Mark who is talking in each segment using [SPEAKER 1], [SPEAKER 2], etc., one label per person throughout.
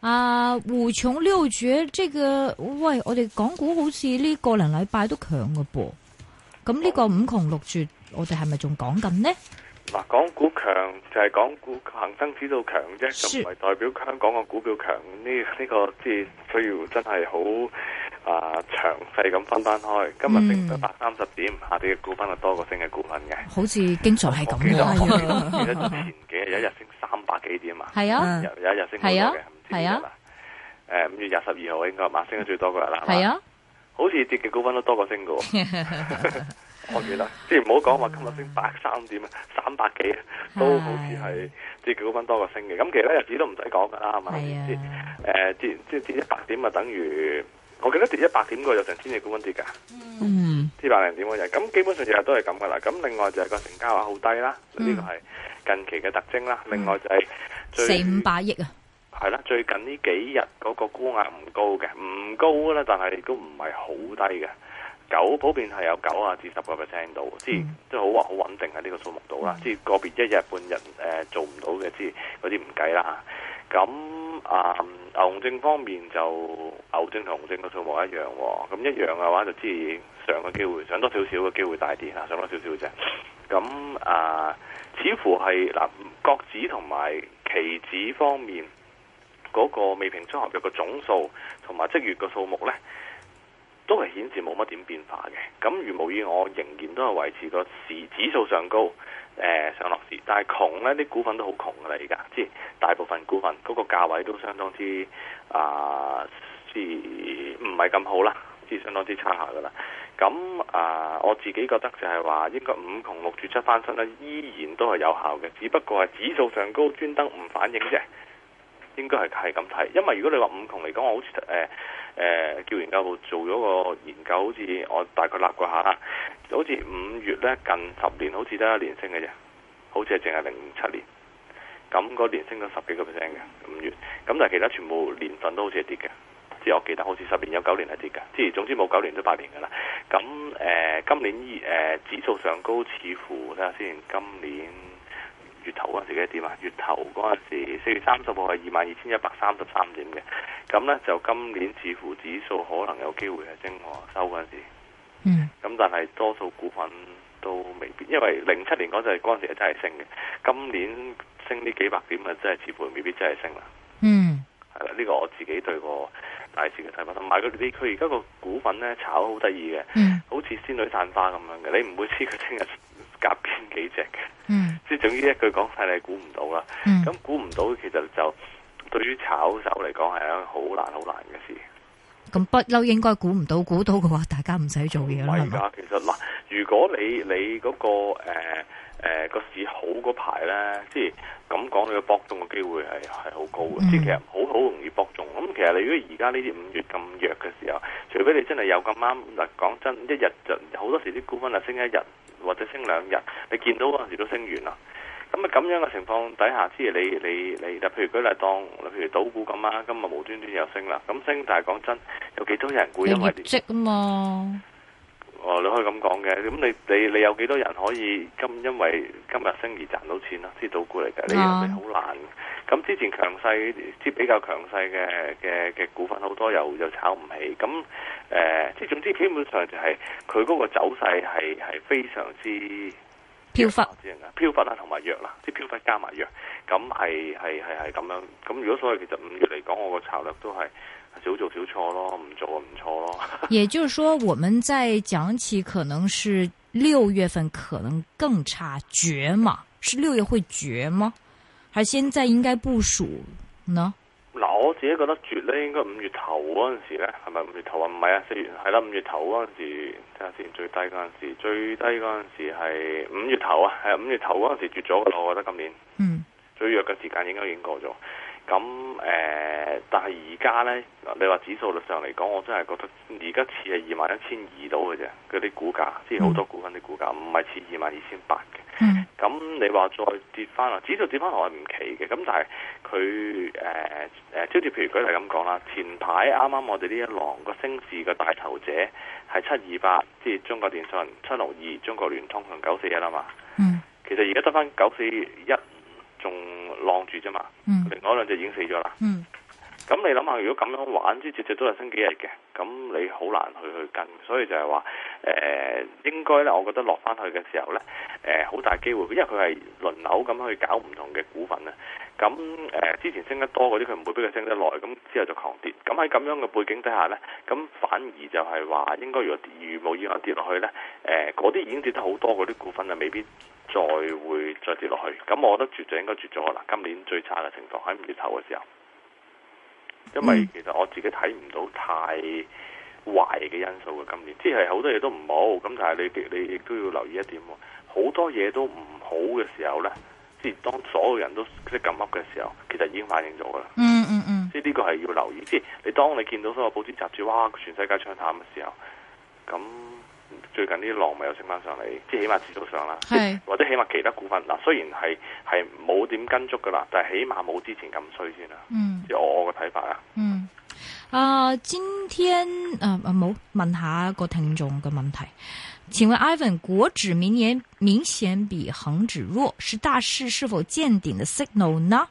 [SPEAKER 1] 啊，護漲呢度住，即、這、係個喂，我哋港股好似呢個零禮拜都強嘅噃，咁呢個五窮六絕，我哋係咪仲講緊呢？
[SPEAKER 2] 嗱、啊，港股強就係、是、港股恒生指數強啫，唔係代表香港嘅股票強呢？呢、這個即係、這個就是、需要真係好啊詳細咁分翻開。今日升咗百三十點，嗯、下啲嘅股份係多過升嘅股份嘅，
[SPEAKER 1] 好似經常係咁嘅。我記得， 我記得
[SPEAKER 2] 前幾日有一日升三百幾點啊？係 啊，有有一日升係啊。係啊，誒、嗯，五月廿十二號應該嘛升得最多嘅日啦，係啊，好似跌嘅高分都多過升嘅。 我記得，即係唔好講話今日升百三點，三百幾都好似係跌嘅高分多過升嘅，咁其他日子都唔使講噶啦，係嘛，唔知誒跌，即係跌一百點啊，等於我記得跌100一百點個就成千隻股份跌噶，嗯，跌百零點嘅，咁基本上日日都係咁噶啦，咁另外就係個成交額好低啦，呢、嗯、個係近期嘅特徵啦、嗯，另外就係四五百億啊。係啦，最近呢幾日嗰個估壓唔高嘅，唔高啦，但係都唔係好低嘅。九普遍係有九啊至十個 percent 度，mm. 即係都好好穩定喺呢個數目度啦。Mm. 即係個別一日半日誒、呃、做唔到嘅，即係嗰啲唔計啦。咁啊、呃，牛熊方面就牛證同熊證個數目一樣喎。咁一樣嘅話，就自然上個機會上多少少嘅機會大啲吓，上多少少啫。咁啊、呃，似乎係嗱，國、呃、指同埋期指方面，嗰、那個未平倉合約嘅總數同埋即月嘅數目呢，都係顯示冇乜點變化嘅。咁如無意外，仍然都係維持個市指數上高，誒、呃、上落市。但係窮呢啲股份都好窮噶啦，而家即係大部分股份嗰個價位都相當之啊、呃，是唔係咁好啦，即係相當之差下噶啦。咁啊、呃，我自己覺得就係話應該五窮六絕七翻身呢，依然都係有效嘅。只不過係指數上高專登唔反映啫。應該係係咁睇，因為如果你話五窮嚟講，我好似誒誒叫研究部做咗個研究，好似我大概立過下啦，好似五月咧近十年好似得一年升嘅啫，好似係淨係零七年，咁、嗰年升咗十幾個 percent 嘅五月，咁但係其他全部年份都好似係跌嘅，即係我記得好似十年有九年係跌嘅，即係總之冇九年都八年噶啦，咁誒、呃、今年誒、呃、指數上高，似乎睇下先，今年。月頭嗰陣時幾多點啊？月頭嗰陣時，四月三十號係二萬二千一百三十三點嘅。咁咧就今年指數指數可能有機會升我收嗰陣時。嗯。咁但係多數股份都未必，因為零七年嗰陣係嗰陣時真係升嘅。今年升呢幾百點啊，真係指數未必真係升啦。嗯。係啦，呢個我自己對個大市嘅睇法，同埋佢呢，佢而家個股份咧炒得好得意嘅，好似仙女散花咁樣嘅，你唔會知佢聽日夾邊幾隻嘅。嗯。即係總之一句講晒，你估唔到啦，咁估唔到其實就對於炒手嚟講係一件好難好難嘅事。
[SPEAKER 1] 咁不嬲應該估唔到，估到嘅話大家唔使做嘢啦。唔係，而家其實嗱，
[SPEAKER 2] 如果你你嗰個誒誒個市好嗰排咧，即係咁講，你嘅博中嘅機會係係好高嘅，即係、嗯、其實好好容易博中。咁其實你如果而家呢啲五月咁弱嘅時候，除非你真係有咁啱嗱，講真，一日就好多時啲股份啊升一日。或者升兩日，你見到嗰陣時都升完啦。咁啊咁樣嘅情況底下，之你你你，就譬如舉例當，譬如倒股咁啊，咁啊無端端又升啦。咁升但係講真，有幾多人估？因為有業績啊嘛。哦，你可以咁講嘅，咁你你你有幾多人可以今因為今日升而賺到錢啊？啲倒股嚟嘅，你係好難？咁之前強勢，即比較強勢嘅嘅嘅股份好多又又炒唔起，咁誒，即、呃、總之，基本上就係佢嗰個走勢係係非常之漂忽，啊？漂忽啦，同埋弱啦，即漂忽加埋弱，咁係係係係咁樣。咁如果所謂其實五月嚟講，我個策略都係。少做少錯咯，唔做就唔錯咯。
[SPEAKER 1] 也就是說，我們在講起，可能是六月份可能更差絕嘛？是六月會絕嗎？還是現在應該部署呢？
[SPEAKER 2] 嗱，我自己覺得絕咧，應該五月頭嗰陣時咧，係咪五月頭啊？唔係啊，四月係啦，五月頭嗰陣時，睇下先最低嗰陣時，最低嗰陣時係五月頭啊，係五月頭嗰陣時絕咗嘅，我覺得今年嗯最弱嘅時間應該已經過咗。嗯咁誒、呃，但係而家咧，你話指數上嚟講，我真係覺得而家似係二萬一千二到嘅啫，佢啲股價，即係好多股份啲股價，唔係似二萬二千八嘅。嗯。咁你話再跌翻落，指數跌翻落係唔奇嘅。咁但係佢誒誒，即、呃、譬如佢係咁講啦。前排啱啱我哋呢一浪個升市嘅大頭者係七二八，即係中國電信七六二，762，中國聯通同九四一啦嘛。嗯。其實而家得翻九四一，仲。晾住啫嘛、嗯，另外兩隻已經死咗啦。咁、嗯、你諗下，如果咁樣玩，之隻只都係升幾日嘅，咁你好難去去跟。所以就係話，誒、呃、應該咧，我覺得落翻去嘅時候咧，好、呃、大機會，因為佢係輪流咁去搞唔同嘅股份咧。咁、呃、之前升得多嗰啲，佢唔會俾佢升得耐，咁之後就狂跌。咁喺咁樣嘅背景底下咧，咁反而就係話，應該如果如無意外跌落去咧，嗰、呃、啲已經跌得好多嗰啲股份啊，未必再。再跌落去，咁我覺得絕就應該絕咗啦。今年最差嘅情況喺五月頭嘅時候，因為其實我自己睇唔到太壞嘅因素嘅今年，即係好多嘢都唔好。咁但係你你亦都要留意一點喎，好多嘢都唔好嘅時候呢，即係當所有人都即係緊握嘅時候，其實已經反映咗㗎啦。嗯嗯嗯，即係呢個係要留意。即係你當你見到《所有報紙雜誌》哇，全世界唱淡嘅時候，咁。最近啲浪咪又升翻上嚟，即係起碼指數上啦，或者起碼其他股份嗱，雖然係係冇點跟足噶啦，但係起碼冇之前咁衰先啦。嗯，有我個睇法啊。嗯，啊、
[SPEAKER 1] 呃，今天啊啊，冇、呃、問一下個聽眾嘅問題。請問 Ivan，國指明顯明顯比恒指弱，是大市是否見頂的 signal 呢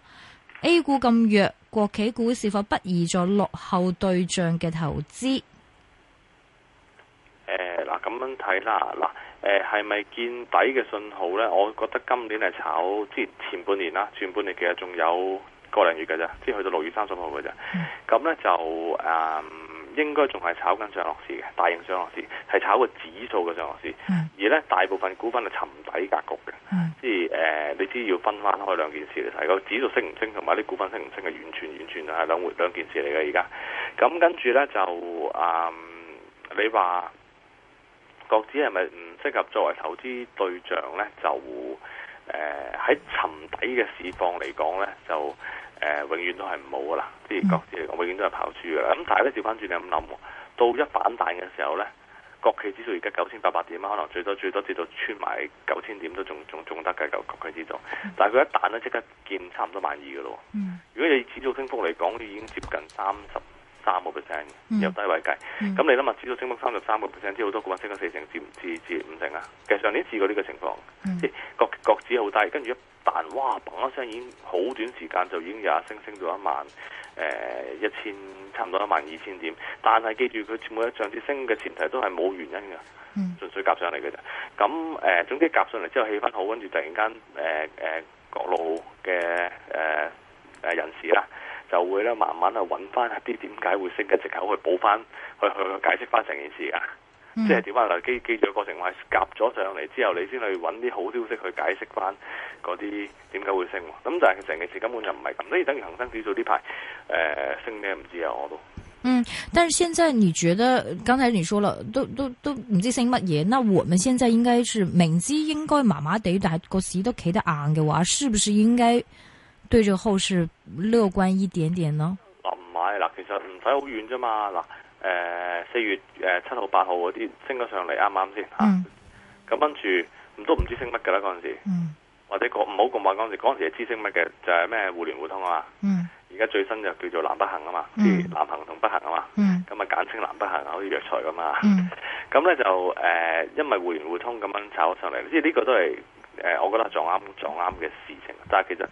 [SPEAKER 1] ？A 股咁弱，國企股是否不宜做落後對象嘅投資？
[SPEAKER 2] 咁樣睇啦，嗱，誒，係咪見底嘅信號咧？我覺得今年係炒，即前，前半年啦，前半年其實仲有個零月嘅啫，即係去到六月三十號嘅啫。咁咧就誒、嗯，應該仲係炒緊上落市嘅，大型上落市係炒個指數嘅上落市。樂市而咧，大部分股份係沉底格局嘅，即係誒，你知要分翻開兩件事嚟睇，就是、個指數升唔升同埋啲股份升唔升係完全完全係兩兩件事嚟嘅。而家咁跟住咧就誒、嗯，你話。國指係咪唔適合作為投資對象呢？就誒喺、呃、沉底嘅市況嚟講呢，就誒、呃、永遠都係冇噶啦，啲國指永遠都係跑輸嘅。咁但係咧，調翻轉你咁諗，到一反彈嘅時候呢，國企指數而家九千八百點啊，可能最多最多跌到穿埋九千點都仲仲仲得嘅，個國企指數。但係佢一彈咧，即刻見差唔多萬二嘅咯。如果你指數升幅嚟講，已經接近三十三個 percent，由低位計，咁、嗯嗯、你諗下，知道升幅三十三個 percent，知好多股啊，升咗四成，知至至至五成啊！其實上年試過呢個情況，個、嗯、個指好低，跟住一彈，哇，砰一聲，已經好短時間就已經有一升升到一萬，誒一千，差唔多一萬二千點。但係記住每，佢全部一漲跌升嘅前提都係冇原因嘅、嗯，純粹夾上嚟嘅啫。咁誒、呃，總之夾上嚟之後氣氛好，跟住突然間誒誒，各、呃呃、路嘅誒誒人士啦。就會咧慢慢去揾翻一啲點解會升嘅藉口去補翻，去去解釋翻成件事㗎、嗯。即係點解？嚟基基準過程話夾咗上嚟之後，你先去揾啲好消息去解釋翻嗰啲點解會升。咁但係成件事根本就唔係咁。所以等於恆生指數呢排誒升咩唔知啊我都。嗯，
[SPEAKER 1] 但係現在，你覺得剛才你說啦都都都唔知升乜嘢？那我們現在應該是明知應該麻麻地，但係個市都企得硬嘅話，是不是應該？對住後市樂觀一點點呢、哦？
[SPEAKER 2] 嗱唔係，嗱其實唔使好遠啫嘛，嗱誒四月誒七、呃、號八號嗰啲升咗上嚟啱唔啱先吓？咁跟住都唔知升乜嘅啦嗰陣時、嗯，或者講唔好咁話嗰陣時，陣時係知升乜嘅，就係咩互聯互通啊嘛，而、嗯、家最新就叫做南北行啊嘛，即係南行同北行啊嘛，咁、嗯、啊簡稱南北行，好似藥材咁嘛。咁、嗯、咧 就誒、呃、因為互聯互通咁樣炒上嚟，即係呢個都係誒、呃、我覺得撞啱撞啱嘅事情，但係其實。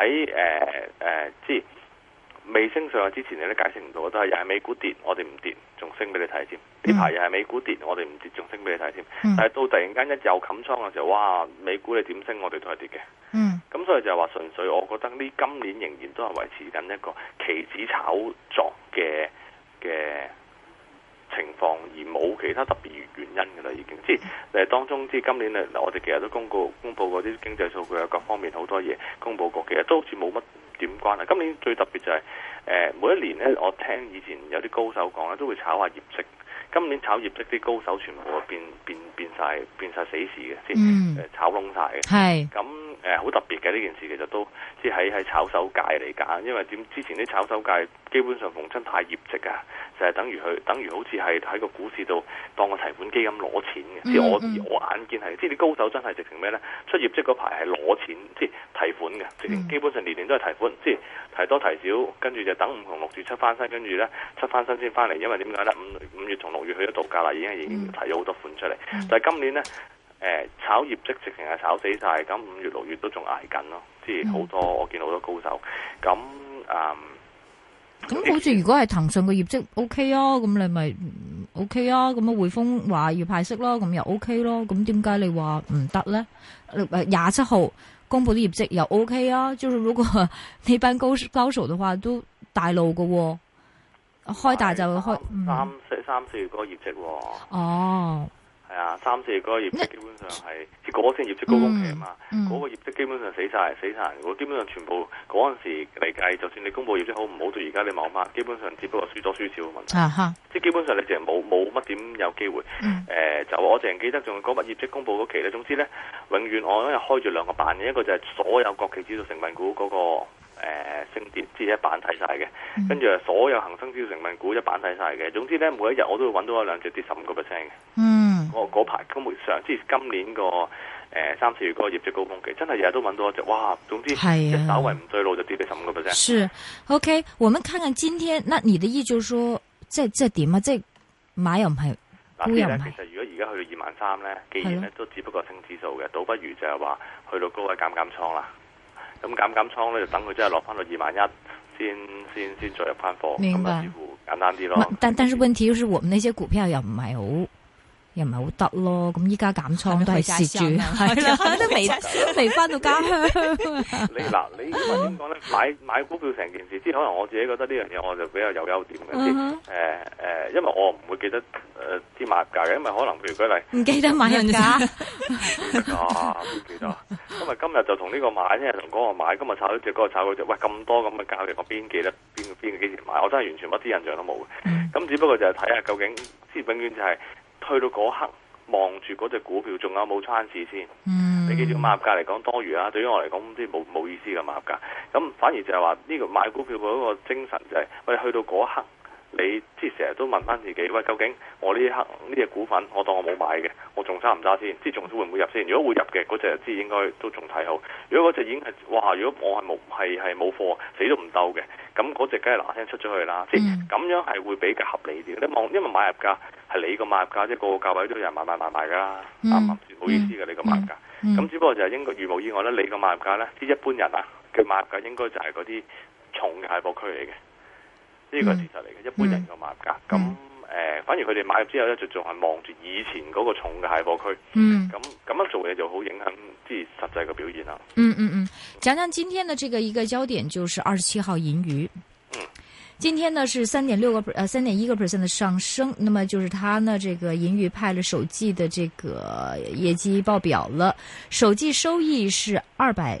[SPEAKER 2] 喺誒誒，即、呃、係、呃、未升上去之前，你都解釋唔到，都係又係美股跌，我哋唔跌，仲升俾你睇添。呢排又係美股跌，我哋唔跌，仲升俾你睇添。但係到突然間一又冚倉嘅時候，哇！美股你點升，我哋都係跌嘅。嗯。咁所以就係話純粹，我覺得呢今年仍然都係維持緊一個期指炒作嘅嘅。情況而冇其他特別原因㗎啦，已經即係當中，即係今年咧，嗱我哋其實都公告公佈過啲經濟數據啊，有各方面好多嘢公佈過，其實都好似冇乜點關啦。今年最特別就係誒每一年咧，我聽以前有啲高手講咧，都會炒下業績。今年炒業績啲高手全部變變變曬變曬死市嘅，先係、嗯、炒窿晒嘅。係咁。誒、欸，好特別嘅呢件事，其實都即係喺炒手界嚟講，因為點之前啲炒手界基本上逢親派業績啊，就係、是、等於佢，等於好似係喺個股市度當個提款機咁攞錢嘅。即、嗯嗯、我我眼見係，即啲高手真係直情咩呢？出業績嗰排係攞錢，即提款嘅，直情基本上年年都係提款，嗯、即提多提少，跟住就等五同六月出翻身，跟住呢出翻身先翻嚟。因為點解呢？五五月同六月去咗度假啦，已經已經提咗好多款出嚟，嗯嗯但係今年呢。誒，炒業績直情係炒死晒，咁五月六月都仲挨緊咯，即係好多、嗯、我見好多高手，咁、嗯 OK、啊，
[SPEAKER 1] 咁好似如果係騰訊嘅業績 O K 啊，咁你咪 O K 啊，咁啊匯豐話要派息囉，咁又 O、OK、K 咯，咁點解你話唔得咧？廿七號公布啲業績又 O、OK、K 啊，即係、如果你班高高手嘅話都大路喎、啊，開大就會開三
[SPEAKER 2] 四三四月嗰個業績喎、啊，哦。係啊，三四月嗰個業績基本上係嗰個先業績高峰期啊、嗯、嘛，嗰、嗯那個業績基本上死晒，死晒。我基本上全部嗰陣時嚟計，就算你公佈業績好唔好，到而家你冇乜，基本上只不過輸咗輸少嘅問題。即、啊、係基本上你淨係冇冇乜點有機會。誒、嗯呃，就我淨係記得仲有嗰筆業績公佈嗰期咧，總之咧，永遠我因為開住兩個板嘅，一個就係所有國企指數成分股嗰、那個升跌即一版睇晒嘅，跟住啊所有恒生指數成分股一版睇晒嘅。總之咧，每一日我都會揾到一兩隻跌十五個 percent 嘅。我嗰排根本上即係今年個誒三四月嗰個業績高峰期，真係日日都揾到一隻哇！總之即係稍為唔對路就跌咗十五個 percent。
[SPEAKER 1] OK，我們看看今天，那你的意就是說，即係即係點啊？即係買又唔係，
[SPEAKER 2] 其實如果而家去到二萬三咧，既然咧、啊、都只不過升指數嘅，倒不如就係話去到高位減減倉啦。咁減減倉咧就等佢真係落翻到二萬一，先先先再入返貨，咁啊，似乎簡單啲咯。
[SPEAKER 1] 但但係問題就是，我們那些股票要唔要買？又唔係好得咯，咁依家減倉都係蝕住，係
[SPEAKER 2] 啦，等得未？翻到家鄉。你嗱，你點講咧？買買股票成件事，即係可能我自己覺得呢樣嘢，我就比較有優點嘅先。誒、uh、誒 -huh. 呃，因為我唔會記得誒啲、呃、買入價嘅，因為可能譬如舉例，唔
[SPEAKER 1] 記得買人價買入
[SPEAKER 2] 價。唔、啊、記得，唔記得。今日今日就同呢個買，呢同嗰個買，今日炒咗隻，嗰、那個炒咗隻。喂，咁多咁嘅交易，我邊記得邊邊幾時買？我真係完全乜啲印象都冇。咁只不過就係睇下究竟，即係永遠就係、是。去到嗰刻，望住嗰隻股票仲有冇參市先？你記住買入價嚟講多餘啦，對於我嚟講都冇冇意思嘅買入價。咁反而就係話呢個買股票嗰個精神就係，喂，去到嗰刻，你即係成日都問翻自己，喂，究竟我呢刻呢隻、這個、股份，我當我冇買嘅。我仲揸唔揸先？即係仲會唔會入先？如果會入嘅嗰隻，即係應該都仲睇好。如果嗰隻已經係哇，如果我係冇係係冇貨，死都唔兜嘅，咁嗰隻梗係嗱嗱聲出咗去啦。即係咁樣係會比較合理啲。你望因為買入價係你個買入價，即係個個價位都有人買買買買噶啦。啱、mm. 唔好意思嘅、mm. 你個買入價。咁、mm. 只不過就係應該如無意外啦。你個買入價咧，啲一般人啊嘅買入價應該就係嗰啲重嘅蟹貨區嚟嘅。呢、mm. 個事實嚟嘅，一般人嘅買入價咁。Mm. 呃、反而佢哋買之後呢，就仲係望住以前嗰個重嘅蟹貨區。嗯，咁咁樣做嘢就好影響，即係實際嘅表現啦。嗯
[SPEAKER 1] 嗯嗯，講、嗯、講今天的呢個一個焦點，就是二十七號銀娛嗯，今天呢是三點六個呃，三點一個 percent 的上升。那麼就是他呢，這個銀娛派了首季的這個業績報表了，首季收益是二百。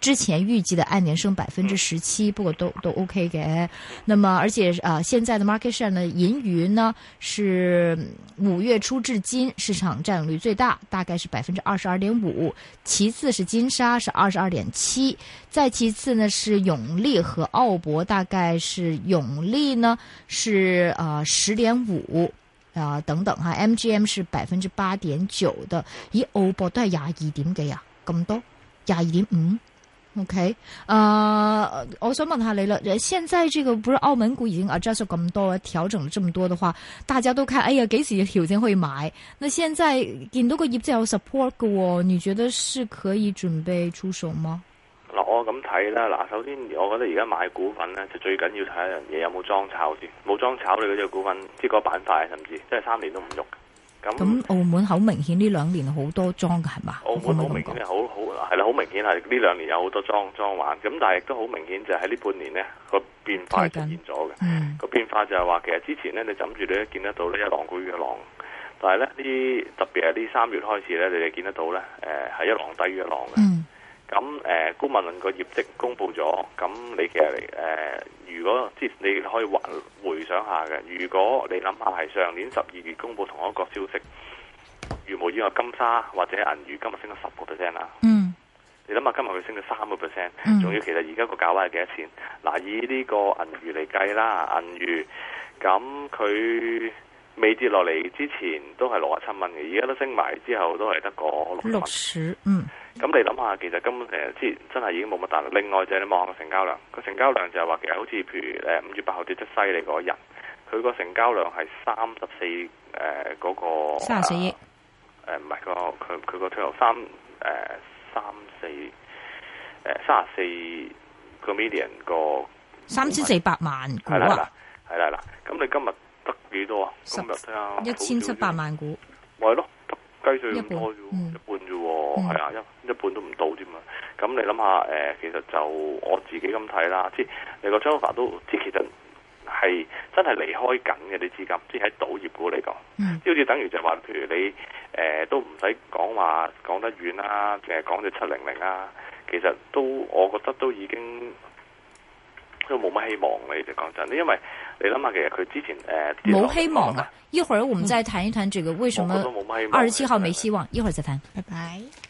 [SPEAKER 1] 之前預計的按年升百分之十七，不過都都 OK 嘅。那麼，而且啊、呃，現在的 market share 呢，銀娛呢是五月初至今市場占有率最大，大概是百分之二十二點五，其次是金沙是二十二點七，再其次呢是永利和澳博，大概是永利呢是啊十點五啊等等哈，MGM 是百分之八點九的，以澳博都係廿二點幾啊，咁多廿二點五。嗯 O K，啊，我想問下你啦。現在這個不是澳門股已經 adjust 咁多，調整咗這麼多的話，大家都看，哎呀，幾時有條件可以買。那現在見到個業績有 support 嘅、哦，你覺得是可以準備出手嗎？
[SPEAKER 2] 嗱，我咁睇啦，嗱，首先我覺得而家買股份呢，就最緊要睇一樣嘢，有冇莊炒先。冇莊炒你嗰隻股份，即係個板塊，甚至即係三年都唔喐。咁
[SPEAKER 1] 澳門好明顯呢兩年好多裝嘅係
[SPEAKER 2] 嘛？澳門好明顯係好好係啦，好明顯係呢兩年有好多裝裝玩。咁但係亦都好明顯就喺呢半年呢個變化出現咗嘅。個、嗯、變化就係話其實之前呢，你枕住你都見得到呢一浪高於一浪，但係咧呢特別係呢三月開始呢，你哋見得到呢誒係一浪低於一浪嘅。咁誒高民個業績公布咗，咁你其實誒。呃如果即係你可以回想下嘅，如果你諗下係上年十二月公布同一個消息，如無意外，金沙或者銀娛今日升咗十個 percent 啦。嗯，你諗下今日佢升咗三個 percent，仲要其實而家個價位係幾多錢？嗱、啊，以呢個銀娛嚟計啦，銀娛咁佢未跌落嚟之前都係六十七蚊嘅，而家都升埋之後都係得個六。六十嗯。咁你諗下，其實根本之前真係已經冇乜大啦。另外就係你望下個成交量，個成交量就係話其實好似譬如誒五月八號跌出犀利嗰一日，佢個成交量係三十四誒嗰個三十四億。誒唔係個佢佢個退後三誒三四誒三十四個 million 個
[SPEAKER 1] 三千四百萬股啦。
[SPEAKER 2] 係啦啦，咁你今日得幾多啊？今日聽下
[SPEAKER 1] 一千七百萬股。
[SPEAKER 2] 低水咁多啫，一半啫喎，係、嗯嗯、啊，一一半都唔到啫嘛。咁你諗下，誒、呃，其實就我自己咁睇啦，即係個張華都，即係其實係真係離開緊嘅啲資金，即係喺賭業股嚟講，即好似等於就話，譬如你誒、呃、都唔使講話講得遠啊，淨係講住七零零啊，其實都我覺得都已經。都冇乜希望，你直講真，因為你諗下其實佢之前誒冇、呃、希望啊！
[SPEAKER 1] 一會兒我們再談一談這個為什麼二十七號冇希望，一會兒再，啊、再談，
[SPEAKER 3] 拜拜。